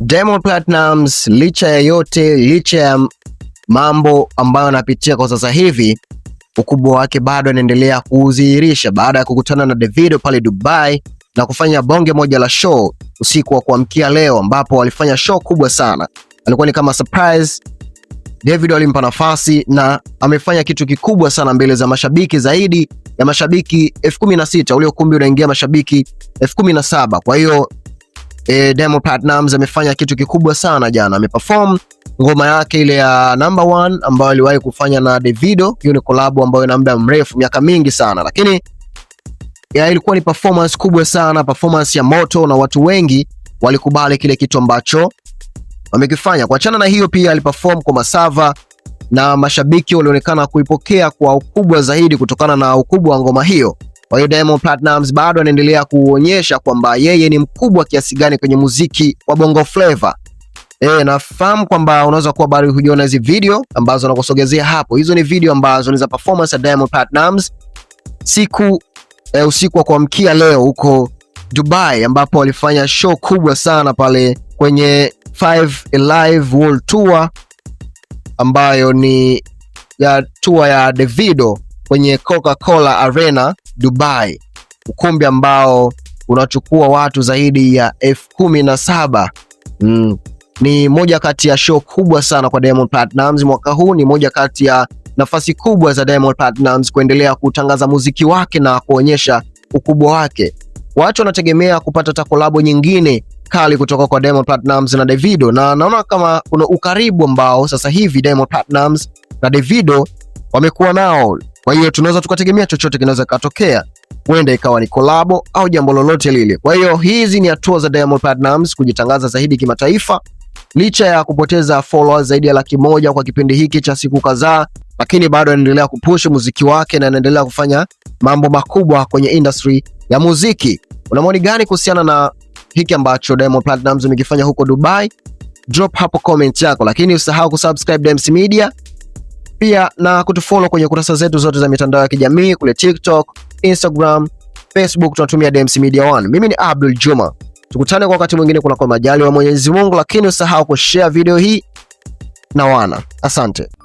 Diamond Platnumz licha ya yote, licha ya mambo ambayo anapitia kwa sasa hivi, ukubwa wake bado anaendelea kuudhihirisha baada ya kukutana na Davido pale Dubai na kufanya bonge moja la show usiku wa kuamkia leo, ambapo walifanya show kubwa sana. Alikuwa ni kama surprise David alimpa nafasi na amefanya kitu kikubwa sana mbele za mashabiki, zaidi ya mashabiki elfu kumi na sita. Ule ukumbi unaingia mashabiki elfu kumi na saba. Kwa hiyo e, Diamond Platnumz amefanya kitu kikubwa sana jana, ameperform ngoma yake ile ya number one ambayo aliwahi kufanya na Davido. Hiyo ni collab ambayo ina muda mrefu, miaka mingi sana, lakini ya ilikuwa ni performance kubwa sana, performance ya moto, na watu wengi walikubali kile kitu ambacho wamekifanya. Kuachana na hiyo, pia aliperform kwa masava na mashabiki walionekana kuipokea kwa ukubwa zaidi kutokana na ukubwa wa ngoma hiyo. Kwa hiyo Diamond Platnumz bado anaendelea kuonyesha kwamba yeye ni mkubwa kiasi gani kwenye muziki wa Bongo Flava. E, nafahamu kwamba unaweza kuwa bado hujaona hizi video ambazo nakusogezea hapo. Hizo ni video ambazo ni za performance ya Diamond Platnumz siku e, usiku wa kuamkia leo huko Dubai ambapo walifanya show kubwa sana pale kwenye 5 Alive World Tour ambayo ni ya tour ya Davido kwenye Coca-Cola Arena Dubai, ukumbi ambao unachukua watu zaidi ya elfu kumi na saba. Mm. Ni moja kati ya show kubwa sana kwa Diamond Platnumz mwaka huu, ni moja kati ya nafasi kubwa za Diamond Platnumz kuendelea kutangaza muziki wake na kuonyesha ukubwa wake. Watu wanategemea kupata takolabo nyingine kali kutoka kwa Diamond Platnumz na Davido, na naona kama kuna ukaribu ambao sasa hivi Diamond Platnumz na Davido wamekuwa nao. Kwa hiyo tunaweza tukategemea chochote kinaweza kikatokea, huenda ikawa ni kolabo au jambo lolote lile. Kwa hiyo hizi ni hatua za Diamond Platnumz kujitangaza zaidi kimataifa, licha ya kupoteza followers zaidi ya laki moja kwa kipindi hiki cha siku kadhaa, lakini bado anaendelea kupush muziki wake na anaendelea kufanya mambo makubwa kwenye industry ya muziki. Una maoni gani kuhusiana na hiki ambacho Diamond Platnumz amekifanya huko Dubai, drop hapo comment yako, lakini usahau kusubscribe Dems Media pia na kutufollow kwenye kurasa zetu zote za mitandao ya kijamii kule TikTok, Instagram, Facebook tunatumia Dems Media 1. Mimi ni Abdul Juma, tukutane kwa wakati mwingine kunako majali wa Mwenyezi Mungu, lakini usahau kushare video hii na wana. Asante.